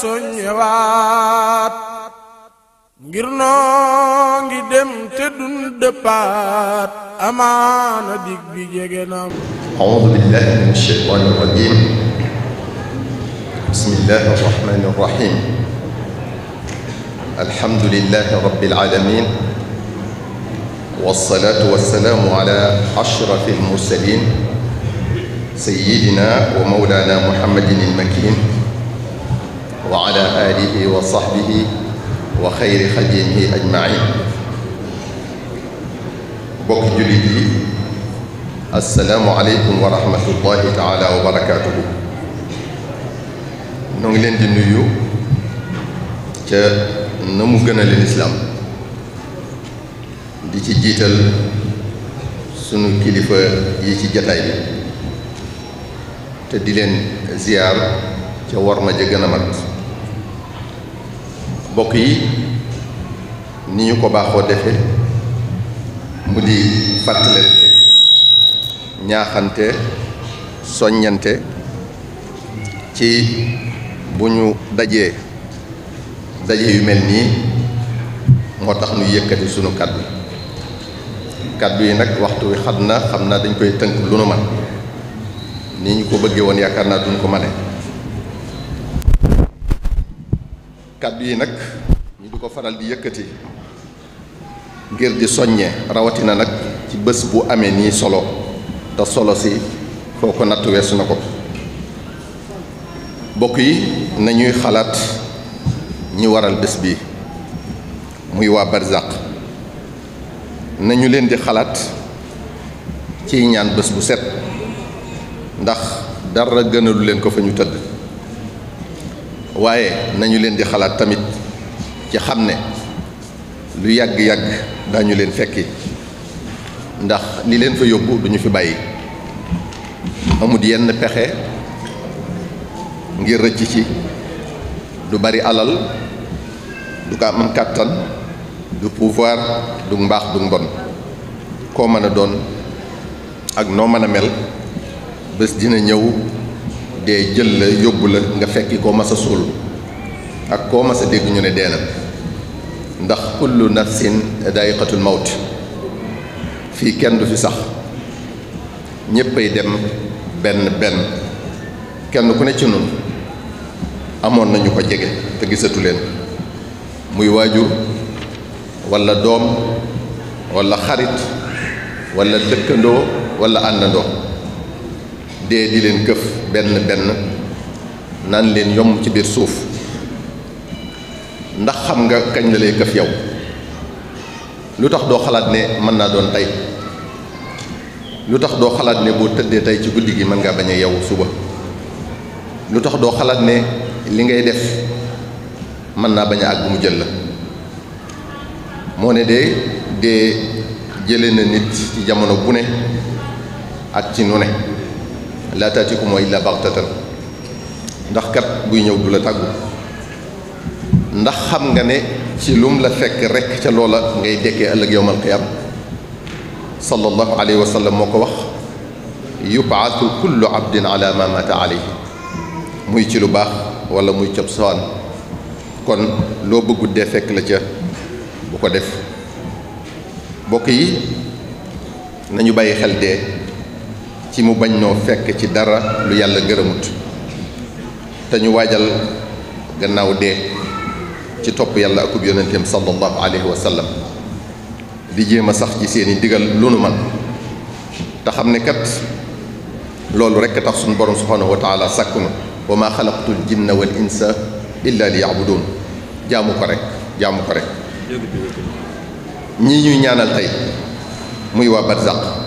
suñ ñëwaat ngir noo ngi dem te duñ dig bi أعوذ بالله من الشيطان الرجيم بسم الله الرحمن الرحيم الحمد لله رب العالمين والصلاة والسلام على أشرف المرسلين سيدنا ومولانا محمد المكين وعلى آله وصحبه وخير خلقه أجمعين بوك جليدي السلام عليكم ورحمة الله تعالى وبركاته نغلين دي نيو تا نمو غنا للإسلام دي تي جيتال سونو كليفة يتي جتاي بي تا دي لين زيار تا ورما جي غنا مات bokk yi ni ñu ko baaxoo defee mu di fàttalante ñaaxante soññante ci bu ñu dajee daje yu mel nii moo tax ñu yëkkati sunu kàddu kàddu yi nag waxtu wi xat na xam naa dañ koy tënk lu nu man ni ñu ko bëggee woon yaakaar naa duñ ko mane kàddu yi nag ñu di ko faral di yëkkati ngir di soññee rawatina nag ci bés bu amee nii solo te solo si foo ko natt weesu na ko bokk yi nañuy xalaat ñi waral bés bi muy waa barzaq nañu leen di xalaat ciy ñaan bés bu set ndax dara gënalu leen ko fa ñu tëdd waaye nañu leen di xalaat tamit ci xam ne lu yàgg-yàgg dañu leen fekki ndax li leen fa yóbbu duñu fi bàyyi amut yenn pexe ngir rëcc ci du bari alal du ko am kàttan du pouvoir du mbaax du mbon koo mën a doon ak noo mën a mel bés dina ñëw dee jël la yóbbu la nga fekki koo mas a suul ak koo mas a dégg ñu ne dee na ndax kullu nafsin daayiqatul mawt fii kenn du fi sax ñéppay dem benn benn kenn ku ne ci nun amoon nañu ko jege te gisatu leen muy waajur walla doom walla xarit walla dëkkandoo walla àndandoo dee di leen këf benn benn naan leen yomb ci biir suuf ndax xam nga kañ la lay këf yow lu tax doo xalaat ne mën naa doon tey lu tax doo xalaat ne boo tëddee tey ci guddi gi mën ngaa bañ a yow suba lu tax doo xalaat ne li ngay def mën naa bañ a àgg mu jël la moo ne de dee jële na nit ci jamono bu ne ak ci nu ne laa taatikum wa illa baxtatan ndax kat buy ñëw du la tàggu ndax xam nga ne ci lum la fekk rek ca loola ngay dekkee ëllëg yowmal qiyaam sallallahu alayhi wa sallam moo ko wax yubaatu kullu abdin ala ma mata alayhi muy ci lu baax wala muy cob sowaan kon loo bëggut dee fekk la ca bu ko def bokk nañu bàyyi xel dee ci mu bañ noo fekk ci dara lu yàlla gërëmut te ñu waajal gannaaw dee ci topp yàlla akub yonenteem sallallahu alayhi wa sallam di jéem a sax ci seeni digal lu nu man te xam ne kat loolu rekk tax suñu borom subhanahu wa taala sàkk na wa maa xalaqtul jinna wal insa illa li yabudun jaamu ko rek jaamu ko rek ñii ñuy ñaanal tey muy waa barzaq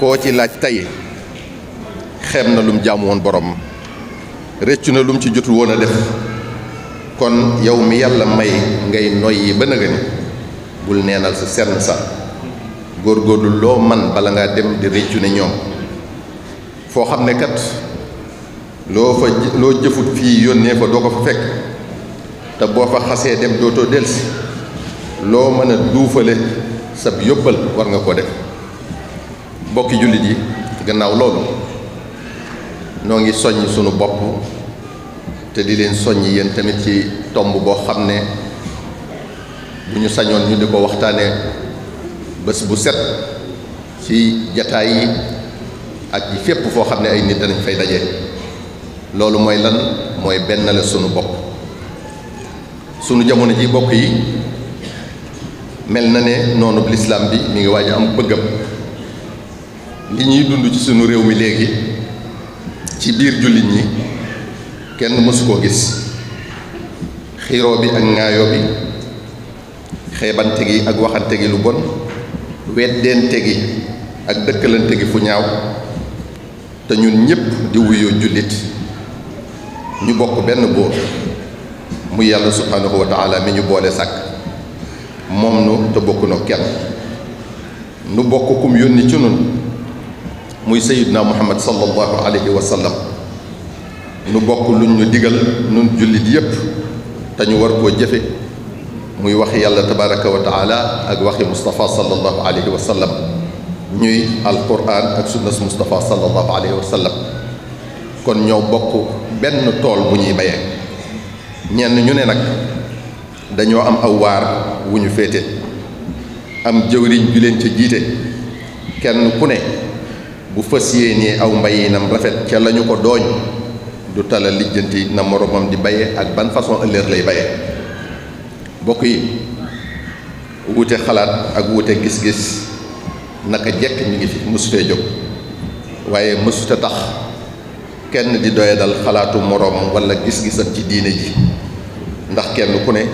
koo ci laaj tey xeeb na lum jaamu woon borom rëccu na lum ci jotu woon a def kon yow mi yàlla may ngay noyyi ba nga bul neenal sa senn sa góorgóorlu loo man bala ngaa dem di rëccu ne ñoom foo xam ne kat loo fa loo jëfut fii yónnee fa doo ko fa fekk te boo fa xasee dem dootoo delsi loo mën a duufale sab yóbbal war nga ko def mbokki jullit yi gannaaw loolu noo ngi sunu te di leen soññ yéen tamit ci tomb boo xam ne bu ñu sañoon ñu di ko waxtaanee bés bu set ci jataay yi ak yi ay nit danañ fay daje loolu moy lan mooy benn la sunu bopp sunu jamono ji bokk yi mel na ne noonu lislaam bi mi ngi waaj am li ñuy dund ci sunu réew mi léegi ci biir jullit ñi kenn mësu koo gis xiiroo bi ak ŋaayoo bi xeebante gi ak waxante gi lu bon weddeente gi ak dëkkalante gi fu ñaaw te ñun ñépp di wuyoo jullit ñu bokk benn buur mu yàlla subhanahu wa taala mi ñu boole sàkk moom nu te bokk no kenn nu bokk yónni ci nun muy sayidna muhammad sallallahu alayhi wa sallam nu bokk luñ ñu digal nun jullit yépp te ñu war koo jëfe muy waxi yàlla tabaraka wa taala ak waxi mustapha sallallahu alayhi wa sallam ñuy alquran ak sunnas mustapha sallallahu alayhi wa sallam kon ñoo bokk benn tool bu ñuy bayee ñenn ñu ne nag dañoo am aw waar wu ñu féete am jëwriñ ju leen ca jiite kenn ku ne bu fas yéenee aw mbayinam rafet ca la ko dooñ du tala lijjanti na moromam di baye ak ban façon ëllëg lay baye bokk yi wuute xalaat ak wuute gis-gis naka jekk ñu ngi fi mësutee jóg waaye mësuta tax kenn di doye dal xalaatu moroomam wala gis-gisam ci diine ji ndax kenn ku ne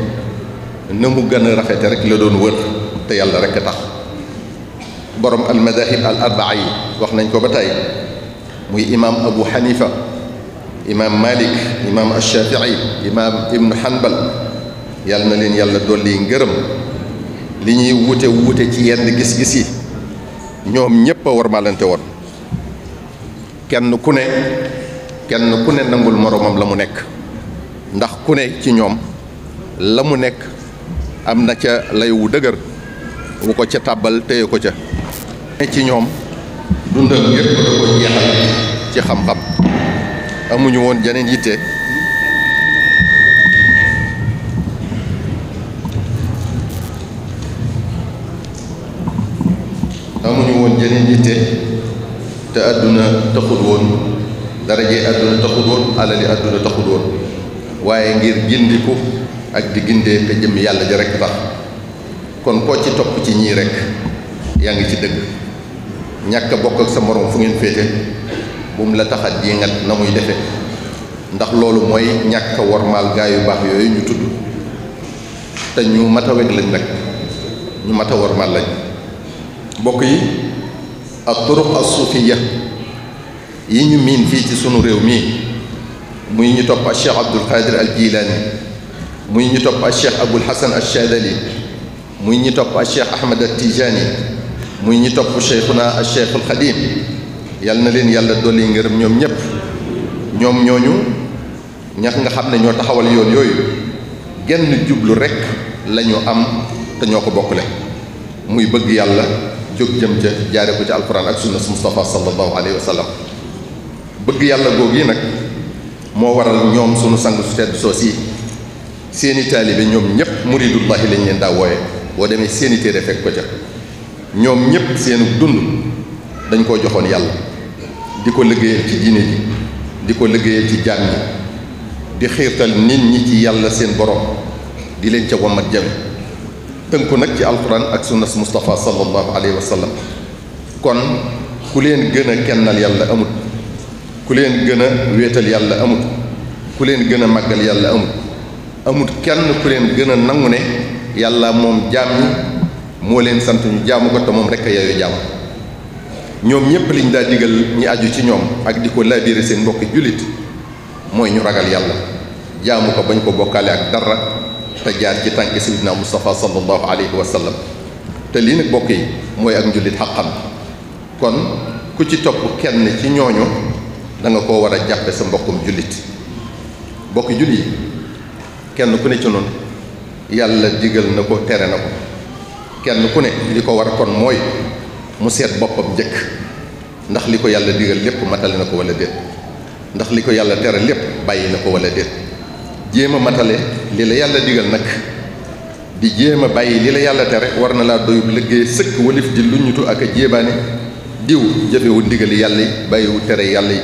na mu gën a rafete rek la doon wër te yàlla rek a tax borom al madahib al arbaa yi wax nañ ko ba tey muy imaam abu xanifa imaam malik imaam alshafii imaam ibnu hanbal yàlla na leen yàlla dolli ngërëm li ñuy wute wute ci yenn gis-gis yi ñoom ñépp a warmalante woon kenn ku ne kenn ku ne nangul moroomam la mu nekk ndax ku ne ci ñoom la mu nekk am na ca lay wu dëgër wu ko ca tàbbal téye ko ca ci ñoom dundam ci xam amuñu woon jeneen yitte amuñu woon jeneen te àdduna taxul woon darajee àdduna taxul woon alali àdduna taxul woon waaye ngir gindiku ak di gindee te jëm yàlla ji rekk tax kon koo ci topp ci ñii rekk yaa ngi ci dëgg ñàkk bokk ak sa morom fu ngeen féete bu mu la tax a diingat na muy defe ndax loolu mooy ñàkk a wormaal gaa yu baax yooyu ñu tudd te ñu mat a weg lañ nag ñu mat a wormaal lañ mbokk yi ak turuq as suufiya yi ñu miin fii ci sunu réew mii muy ñu topp ak cheikh abdul qadir al jilaani muy ñu topp ak cheikh abul hasan al shadali muy ñu topp ak cheikh ahmad al tijaani muy ñi top cheikhuna cheikh al khadim yal na leen yàlla doli ngërëm ñom ñep ñom ñoñu ñax nga xamne ño taxawal yoon yoy genn djublu rek lañu am te ñoko bokkule muy bëgg yàlla jóg jëm ci jaare ko ci alquran ak sunna Mustafa sallallahu alayhi wasallam bëgg yàlla googu yi nag moo waral ñom sunu sang su tedd soosi seeni talibé ñom ñep muridullahi lañ leen da woyé boo démé seeni téré fek ko ca ñoom ñépp seenu dund dañ koo joxoon yàlla di ko liggéeyal ci diine ji di ko liggéeyal ci jaam ñi di xiirtal nit ñi ci yàlla seen borom di leen ca wamat jame ko nag ci alquran ak sunnas Mustafa sallallahu alayhi wa sallam kon ku leen gën a kennal yàlla amut ku leen gën a wéetal yàlla amut ku leen gën a màggal yàlla amut amut kenn ku leen gën a nangu ne yàlla moom jaam ñi moo leen sant ñu jaamu ko te moom rek yaayu jaam ñoom ñépp liñ daa digal ñi aju ci ñoom ak di ko laabire seen mbokki jullit mooy ñu ragal yàlla jaamu ko bañ ko bokkaale ak dara te jaar ci tànk sayidina mustapha sallallahu Alaihi Wasallam, sallam te lii nag bokk yi ak njullit xaqam kon ku ci topp kenn ci ñooñu da nga koo war a jàppe sa mbokkum jullit bokki jullit kenn ku ne ci noonu yàlla digal na ko tere kenn ku ne li ko war kon mooy mu seet boppam njëkk ndax li ko yàlla digal lépp matale na ko wala déet ndax li ko yàlla tere lépp bàyyi na ko wala déet jéem a matale li la yàlla digal nag di jéem a bàyyi li la yàlla tere war na laa doyub liggéey sëkk walif di luññutu ak a jéebaane diw jëfewu ndigali yàlla yi bàyyiwu tere yàlla yi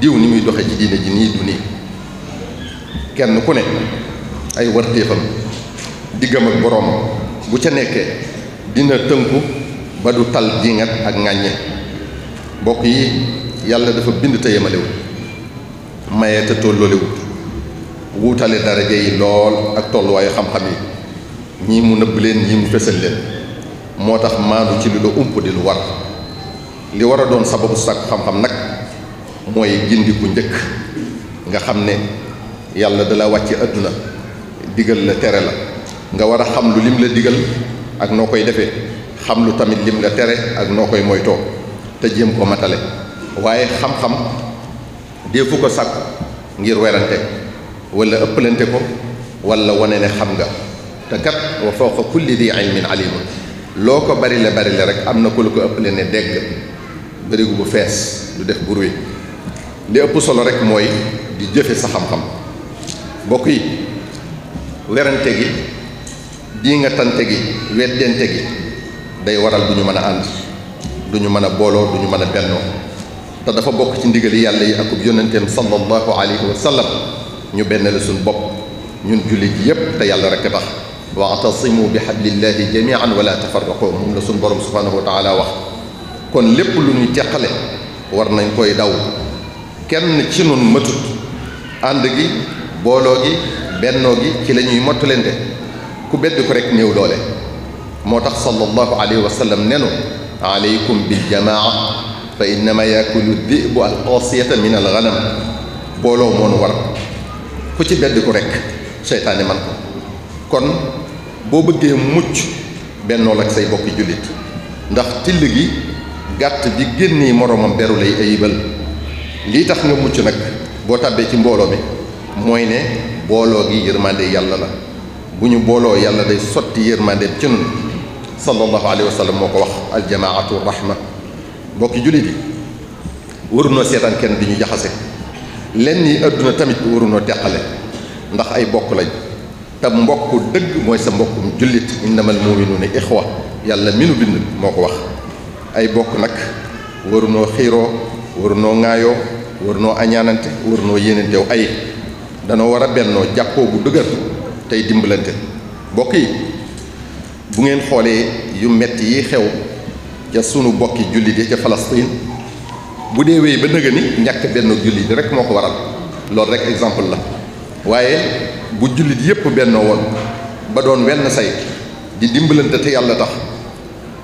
diw ni muy doxe ci diine ji nii du nii kenn ku ne ay wartéefam diggam ak boroom bu ca nekkee dina tënku ba du tal jingat ak ŋàññe mbokk yi yàlla dafa bind te yemalewut maye te tolloolewut wuutale daraja yi lool ak tolluwaayu xam-xam yi ñii mu nëbb leen ñii mu fësal leen moo tax maandu ci li la ump di lu war li war a doon sababu sàkk xam-xam nag mooy gindi ku njëkk nga xam ne yàlla dala wàcce àdduna digal na tere la nga war a xam lu lim la digal ak nokoy defé defee xam lu tamit lim nga tere ak nokoy koy moytoo te jëm ko matale waye xam-xam deefu ko sak ngir werante wala ëppalante ko wala woné ne xam nga te kat wa fawqa kulli dhi ilmin 'alim loko bari la bari la rek amna ko lu ko ëppale ne dégg bari gu bu fess du def bruit li ëpp solo rek moy di jëfe sa xam-xam bokki werante gi di nga tante gi weddente gi day waral du ñu mën a ànd du mën a booloo du ñu mën a bennoo te dafa bokk ci ndigali yàlla yi akub yónnenteem sallallahu alayhi wa sallam ñu benn la suñ bopp ñun jullit yépp te yàlla rek tax wa atasimu bi xam hablillahi jamian wala tafarraqu moom la suñ borom subhanahu wa taala wax kon lépp lu ñuy teqale war nañ koy daw kenn ci nun matut ànd gi booloo gi bennoo gi ci la ñuy mottulente ku bedd ko rek néew doole moo tax sallallahu alayhi wa sallam nenu aleykum biljamaa fa innama yakulu dibu alqasiyata min alganam booloo moonu war ku ci bedd ko rek seytaane man ko kon boo bëggee mucc bennool ak say bokki jullit ndax till gi gàtt bi génnee moroomam beru lay ayibal lii tax nga mucc nag boo tàbbee ci mbooloo mi mooy ne booloo gi yërmande yàlla la buñu bolo yàlla day soti yermande ci nun sallallahu alaihi wasallam moko wax al jamaatu rahma mbokki julit yi waruno setan kenn diñu jaxase lenn ni aduna tamit waruno teqale ndax ay bokk lañ ta mbokk deug moy sa mbokkum julit innamal mu'minuna ikhwa yàlla minu bind moko wax ay bokk nak waruno xiro waruno ngaayo waruno añanante waruno yenente ay dano wara benno jappo bu deugal tey dimbalante mbokk yi bu ngeen xoolee yu metti yi xew ca sunu bokki jullit yi ca Palestine bu dee wéy ba nëga ni ñàkk benn jullit yi rek moo ko waral loolu rek exemple la waaye bu jullit yépp bennoo woon ba doon wenn say di dimbalante te yàlla tax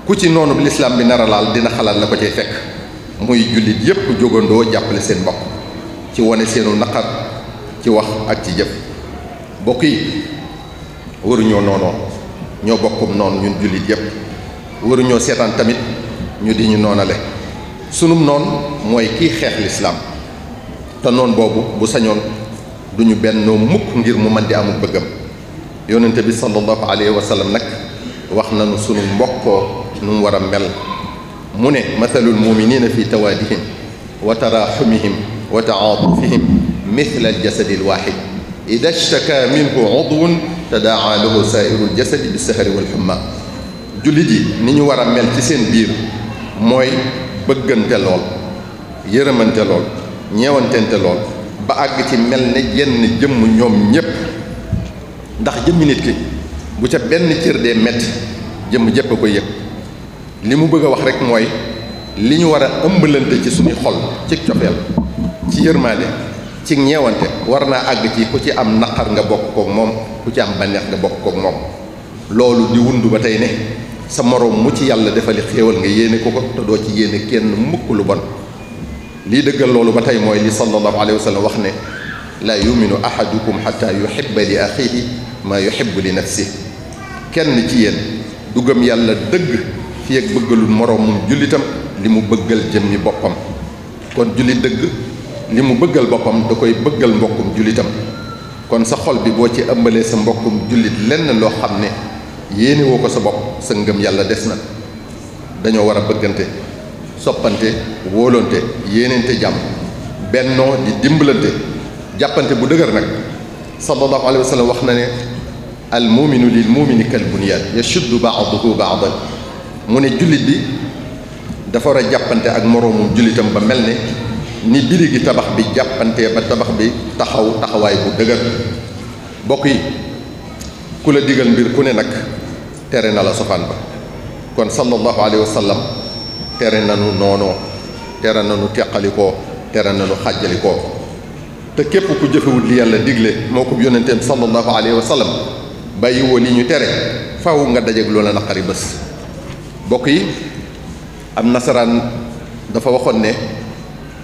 ku ci noonu lislaam bi nar laal dina xalaat la ko cay fekk muy jullit yépp jógandoo jàppale seen mbokk ci wane seenu naqar ci wax ak ci jëf bokk yi waruñoo noonoo ñoo bokkum non ñun jullit yépp ñoo sétan tamit ñu di ñu nonalé sunum non moy ki xex l'islam ta non bobu bu sañoon duñu bennoo mukk ngir mu man di amul bëggam yonente bi sallallahu alayhi wa sallam nak wax nañu sunu mbokko nu wara mel mune mathalul muminina fi tawadihim wa tarahumihim wa taatufihim mithla aljasadi wahid ida shtaka minhu udwun tadaaca lahu saairu ljasadi bisahari walxumma jullit yi ni ñu war a mel ci seen biir mooy bëggante lool yërëmante lool ñeewantente lool ba àgg ci mel ne yenn jëmm ñoom ñépp ndax jëmmi nit ki bu ca benn cër dee metti jëmm jépp a koy yëg li mu bëgg a wax rek mooy li ñu war a ëmbalante ci suñu xol ci cofeel ci yërmaale ci ñeewante war naa àgg ci ku ci am naqar nga bokk kook moom ku ci am bànneex nga bokk kook moom loolu di wundu ba tey ne sa moroom mu ci yàlla defali xéewal nga yéene ko ko te doo ci yéene kenn mukk lu bon lii dëggal loolu ba tey mooy li sallallahu alayhi wa wax ne laa yuminu ahadukum xata yuhibba li axihi maa yuhibbu li si kenn ci yéen du yàlla dëgg fi ak bëggalul moroomum jullitam li mu bëggal jëmmi boppam kon julli dëgg li mu bëggal boppam da koy bëggal mbokkum jullitam kon sa xol bi boo ci ëmbalee sa mbokkum jullit lenn loo xam ne yéene woo ko sa bopp sa ngëm yàlla des na dañoo war a bëggante soppante wóolante yéeneente jàmm bennoo di dimbalante jàppante bu dëgër nag sallallahu alayhi wa sallam wax na ne lii al muminu lil mumini kal bunyaan yashuddu baaduhu ba mu ne jullit bi dafa war a jàppante ak moroomum jullitam ba mel ne ni biri tabax bi jàppantee ba tabax bi taxaw taxawaay bu dëgër bokk yi ku la digal mbir ku ne nag tere na la sofaan ba kon sallallahu alayhi wa sallam tere nanu noonoo tere nanu teqalikoo tere nanu xàjjalikoo te képp ku jëfewul li yàlla digle moo ko yonenteem sallallahu alayhi wa sallam bàyyiwoo li ñu tere faw nga dajeeg loola naqari bés bokk yi am nasaraan dafa waxoon ne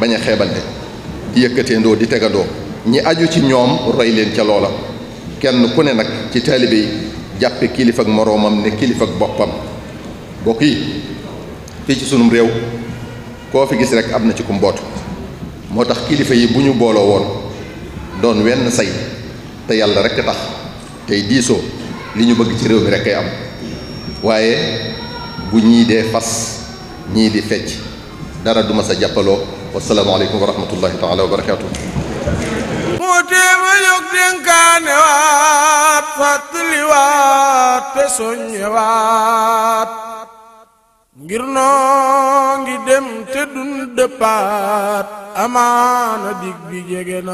bañ a xeebante di yëkkateendoo di tegandoo ñi aju ci ñoom roy leen ca loola kenn ku ne nag ci taalibe yi jàppe kilifa ak moroomam ne kilifa ak boppam bokk yi fii ci sunum réew koo fi gis rek am na ci ku mbootu moo tax kilifa yi bu ñu booloo woon doon wenn say te yàlla rek tax tey diisoo li ñu bëgg ci réew mi rek kay am waaye bu ñii dee fas ñii di fecc dara duma sa jàppaloo wasalaamaaleykum wa rahmatullahi taala wa barakaatu moo téema yóg dénkaane waat fàttali waat te soññe waat ngir noo ngi dem te dun dëppaat amaana dig bi jege na